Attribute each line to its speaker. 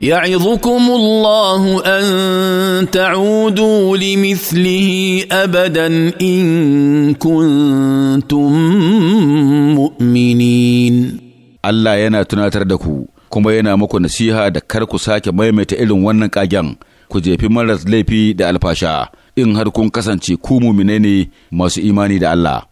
Speaker 1: يعظكم الله ان تعودوا لمثله ابدا ان كنتم
Speaker 2: مؤمنين Allah yana tunatar da ku kuma yana muku nasiha da kar ku sake maimaita irin wannan kagen ku jefi maras laifi da alfasha in har kun kasance ku mumine ne masu imani da Allah